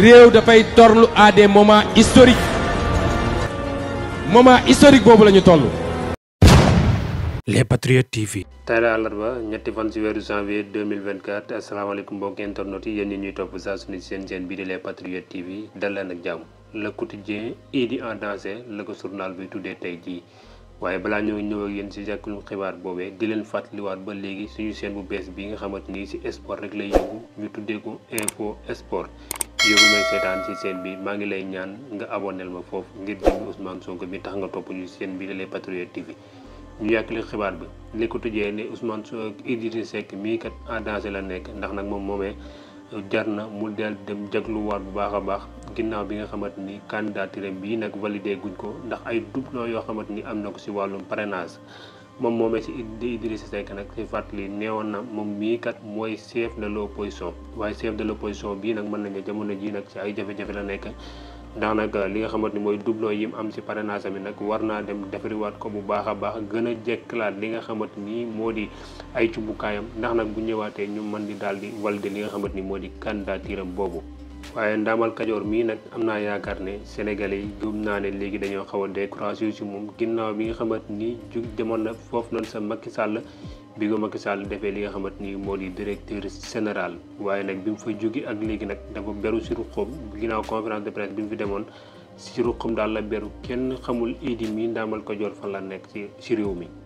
réew dafay torlu à des moments historiques moment historique boobu la ñu toll. Les Patriotes TV. tey la àllarba ñetti fan ci weeru janvier 2024 asalaamaaleykum mbokki internet yi yéen ñi ñuy topp saa su ne seen seen bii di Les Patriotes TV dal leen ak jàmm le quotidien Idy en danger la ko journal bi tuddee tey jii. waaye balaa ñoo ñëw ak yéen ci jàkkuñu xibaar boobee di leen fàttaliwaat ba léegi suñu seen bu bees bi nga xamante ni ci sport rek lay yëngu ñu tuddee ko info sport yow bi may seetaan ci seen bi maa ngi lay ñaan nga aboneel ma foofu ngir jëm Ousmane Sonko mi tax nga topp ñu seen bi Les Patriotes TV ñu yàkkle xibaar bi li ko tujjee ne Ousmane Sonko Idrissa Seck mii kat en la nekk ndax nag moom moomee jar na mu del dem jagluwaat bu baax a baax ginnaaw bi nga xamante ni candidature bii nag validé guñ ko ndax ay doublons yoo xamante ni am na ko si wàllum parrainage moom moomee ci di Idrissa Seck nag ci fàttali neewoon na moom mii kat mooy chef de l'opposition waaye chef de l'opposition bii nag mën nañu jamono jii nag ci ay jafe-jafe la nekk ndax nag li nga xamante ni mooy doublon yi mu am ci naa bi nag war naa dem defariwaat ko bu baax a baax gën a jekk laat li nga xamante ni moo di ay cumbukaayam ndax nag bu ñëwaatee ñu mën di daal di walde li nga xamante ni moo di candidature am boobu waaye ndaamal kajoor mii nag am naa yaakaar ne sénégalais yi gëm naa ne léegi dañoo xaw a découragé ci moom ginnaaw bi nga xamante ni jug demoon na foofu noonu sa makki sàll bi ko Macky Sall defee li nga xamante ni moo di directeur sénéral waaye nag bi mu fa jóge ak léegi nag dafa beru si ruqoom ginnaaw conférence de presse bi mu fi demoon si ruqoom daal la beru kenn xamul idi mi ndaamal kajoor fan la nekk ci réew mi.